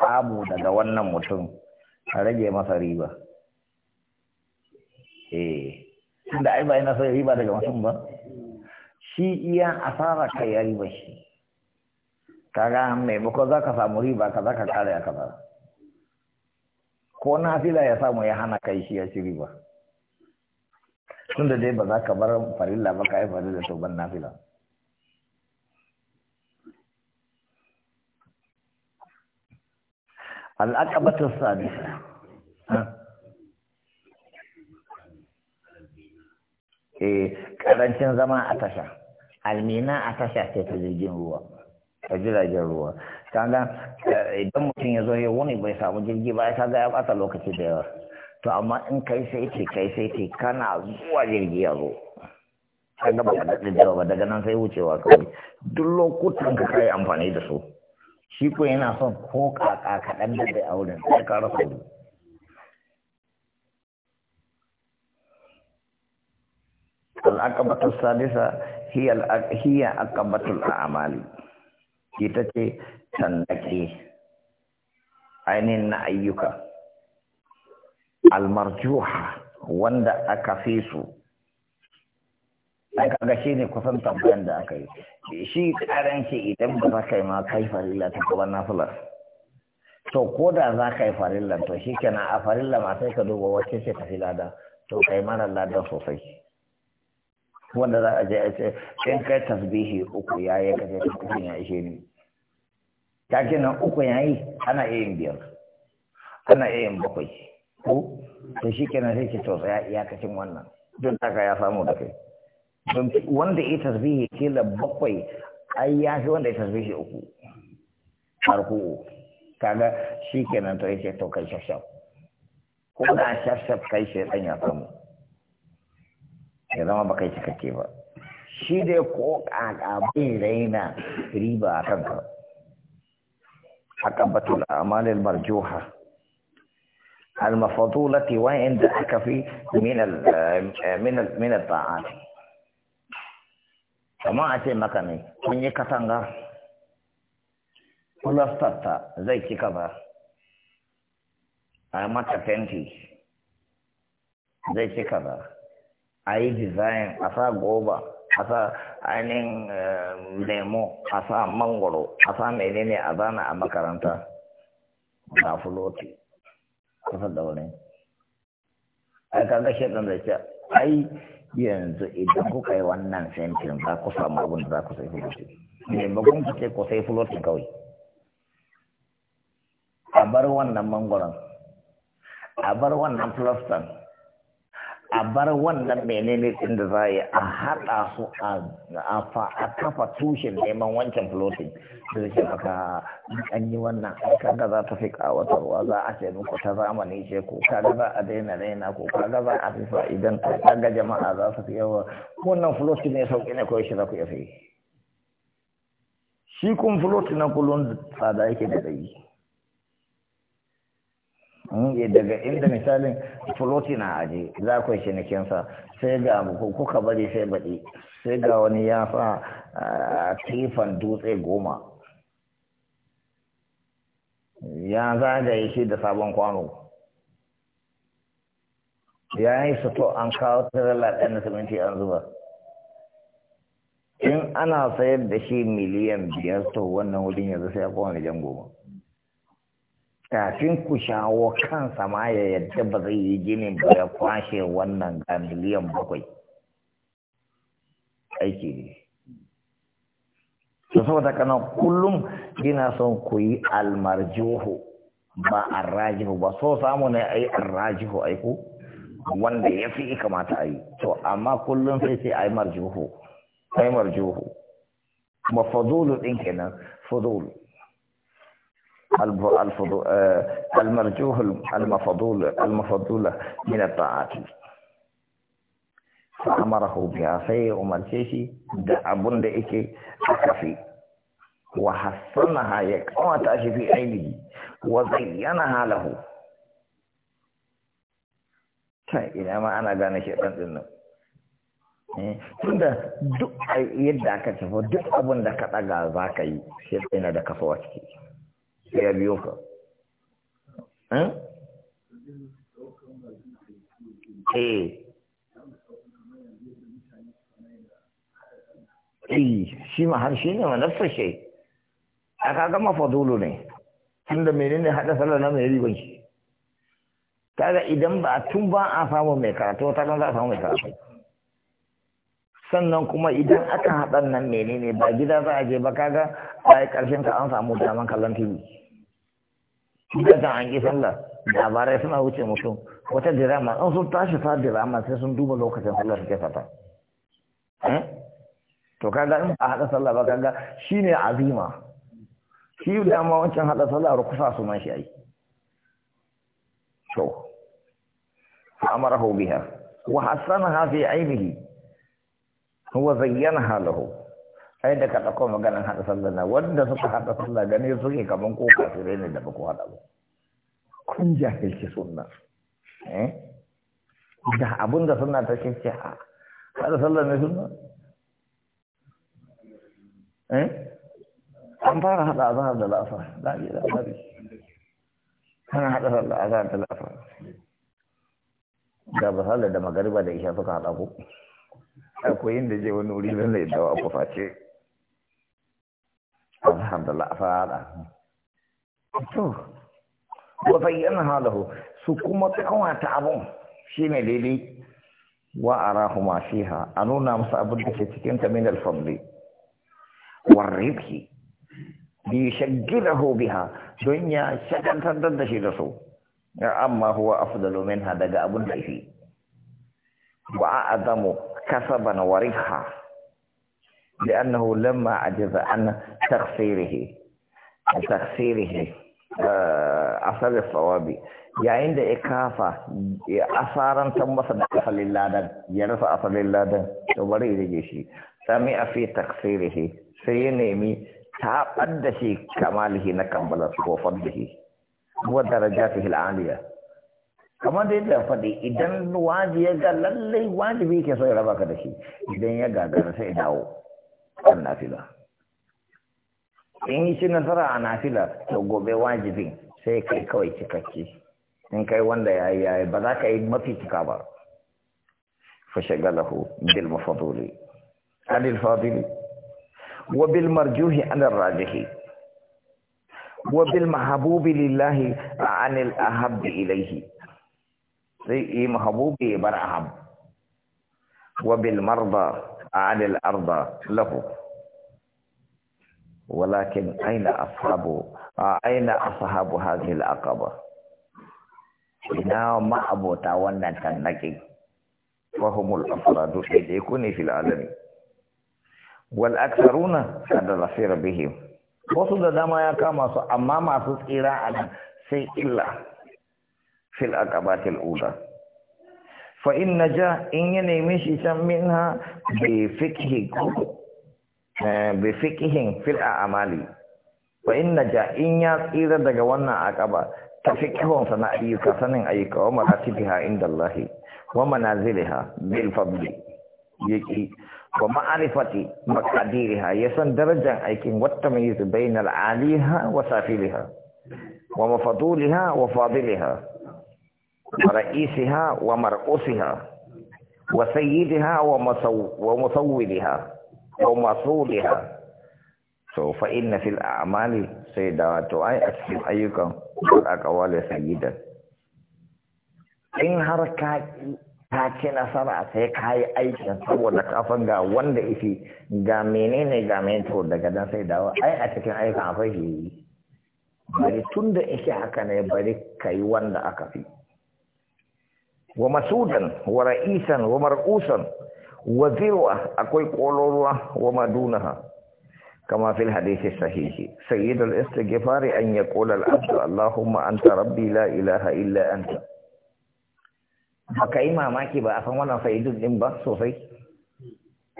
samu daga wannan mutum a rage masa riba eh tunda ai ba yana son riba daga mutum ba shi iya asara kai ya riba shi kaga maimako za ka samu riba ka za ka kare a kaza ko na fila ya samu ya hana kai shi ya ci riba tunda dai ba za ka bar farilla ba ka yi farilla to ban na fila. العقبة السادسة eh zama a tasha a tasha jirgin ruwa ruwa eh, wani to amma in kai sai kana zuwa jirgi ba daga nan sai wucewa kawai duk lokutan ka amfani da su shi a kaɗan da da a wurin sai ka rasa wuri al'aqabatu sadisa hiya hiya aqabatul a'mali ita ce tannake ainihin na ayyuka almarjuha wanda aka fi su kaga shi ne kusan tambayan da aka yi shi ƙaranci idan ba za ka yi ma lalata ko ba na nafilar to ko da za ka yi farillan to shi kenan a farilla ma sai ka duba wacce ce fi lada to ka yi mara ladan sosai wanda za a je a ce in kai tasbihi uku ya yi kaje uku ya ishe ni ta nan uku ya yi ana iya yin biyar ana iya yin bakwai ko to shi kenan sai ke to tsaya iyakacin wannan don taka ya samu da kai don wanda ya tasbihi kila bakwai ai ya fi wanda ya tasbihi uku farko kaga shi kenan to yake to kai shashaf ko da shashaf kai dan ya samu ya zama ba kai kake ba shi dai ko kaka bai raina riba a kanka akabatul amalil marjuha المفضولة وعند أكفي من ال من ال من الطاعات. maka أتي مكاني من يكتنغر kulastarta zai ci kaza a mata fenti zai ci kaza a yi dizayin a sa goba a sa ainihin eh, lemo a sa mangoro a sa menene a zana a makaranta na fuloti kusa da wani ai kaga shekan da ce ai yanzu idan kuka yi wannan sentin za ku samu abin da za ku sai fuloti ne ba kun fice ku sai fulotin kawai a bar wannan mangoron a bar wannan plaster a bar wannan menene din da za a yi a haɗa su a kafa tushen neman wancan floating da zai maka an yi wannan kaga za ta fi ƙawatarwa za a ce muku ta zamani ce ko kaga za a daina raina ko kaga za a fi fa'idan ta kaga jama'a za su fi yawa wannan floating ne sauƙi ne kawai shi za ku iya fi shi kun floating na kullum tsada yake da dai Eh, daga inda misalin fuloti na aje za ku shi nikinsa sai ga abu kuka bari sai baɗi sai ga wani ya ah, fa dutse goma ya zagaye shi da sabon kwano ya yi suto an kawo tirala ɗan na siminti an zuba in ana sayar da shi miliyan biyar to wannan wurin yanzu sai ya kowane jan goma kafin ku shawo kan sama ya yadda ba zai yi ginin ba ya kwashe wannan ga miliyan bakwai aiki ne su saboda kana kullum gina son ku yi almarjihu ba arrajihu ba so samu ne ai arrajihu rajihu wanda ya fi kamata a yi to amma kullum sai sai ai marjihu ai marjihu mafadulu ɗin kenan fadulu المرجوه المفضول المفضولة من الطاعات فأمره بها سي عمر شيشي دا أبن إكي أكفي وحصنها تأشي في عينه وزينها له إلى ما أنا قانا شيطان ذنب tunda duk yadda aka tafi duk abin da ka ɗaga za ka yi shi yana da kafa a ciki sai ya biyo ka eh, eh. shi ma har shi ne ma nafsa shi a kaga fadulu ne tunda menene hada sallar na mai riban shi kaga idan ba tun ba a samu mai karatu ta nan za a samu mai karatu sannan kuma idan aka haɗa nan menene ba gida za a je ba kaga a ƙarshen ka an samu daman kallon tv da kan an yi sallah labarai suna wuce mutum wata dirama an sun tashi fa dirama sai sun duba lokacin sallah suke fata eh? to kaga in ba haɗa sallah ba kaga shine azima shi dama wancan haɗa sallah rukusa su man shi ai to amarahu biha wa hasana hafi ainihi huwa zayyanaha lahu ai da ka ɗauko maganin haɗa sallah na wanda suka haɗa sallah gani suke kaman ko kafirai ne da ba ku haɗa ba kun jahilci sunna eh? da abun da suna ta ce ce haɗa sallah ne sunna eh? an fara haɗa azahar da la'asar da da azahar ana haɗa sallah azahar da la'asar da ba sallah da magariba da isha suka haɗa ku akwai da je wani wuri zan da yadda wa face da la'afara to wa bayyana halahu su kuma kawata abun shine daidai wa rahuma ma ha, a nuna musu abin da ke cikin ta min alfadli warribhi bi shaggilahu ha, don ya shagantar da shi da su amma huwa afdalu ha daga abun da shi kasa a'zamu kasaban ha. لأنه لما عجز عن تخسيره عن تخسيره أصل الصواب يعني ده إكافة أصارا ثم صد أصل الله يرفع يعني أصل اللادن تبري لجيشي سمع في تخسيره سينيمي تابد شي كماله نكمل وفضله ودرجاته العالية kamar da yadda faɗi idan wajibi ya ga lallai wajibi ke so ya raba ka da shi kan nafila in yi shi nasara a nafila to gobe wajibin sai kai kawai cikakke in kai wanda ya yi ba za ka yi mafi cika ba fashagalahu bil mafaduli anil fadili wa bil marjuhi anil rajihi wa bil mahabubi lillahi anil ahabbi ilaihi sai yi mahabubi bar ahab wa bil marda عن الأرض له ولكن أين أصحاب أين أصحاب هذه العقبة هنا ما أبو تاوانا تنكي وهم الأفراد يكون في العالم والأكثرون قد نصير بهم وصد da dama ya kama su amma في tsira الأولى fa in naja in ya nemi shi can minha bi fiqhi eh, bi fiqhin fil a'mali fa in naja in ya tsira daga wannan aqaba ta fiqhun sana ayyuka sanin ayyuka wa maratibiha inda Allah wa manaziliha bil fadli yaki wa ma'arifati maqadiriha ya san darajar aikin wata mai bainal aliha wa safiliha wa mafduliha wa fadiliha ورئيسها ومرؤوسها وسيدها ومسولها ومصولها so fa inna fil a'mali sai da wato ai a cikin ayyukan in har ka ta ci nasara sai ka yi aikin saboda kafan ga wanda ifi ga menene ga mento daga dan sai dawo ai a cikin aikin akwai shi bari tun da ishe haka ne bari ka yi wanda aka fi wa masudan wa ra'isan wa mar'usan wa zirwa akwai kololuwa wa madunaha كما في الحديث الصحيح سيد الاستغفار أن يقول العبد اللهم أنت ربي لا إله إلا أنت haka yi mamaki ba a san wannan fa'idun din ba sosai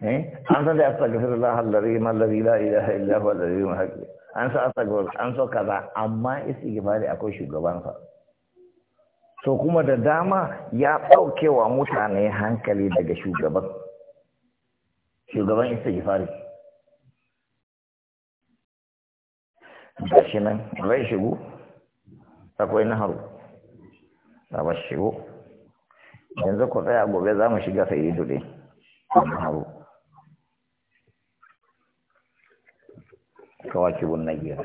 eh? an sa astaghfirullah allazi man la ilaha illa huwa allazi an sa astaghfir an so kaza amma istighfari akwai shugabansa. to kuma da dama ya ɗaukewa mutane hankali daga shugaban shugaban isa da shi nan zai shigo akwai naharu da ba shigo yanzu ku tsaya gobe za mu shiga sai yi ɗin naharu kawaki bunna gira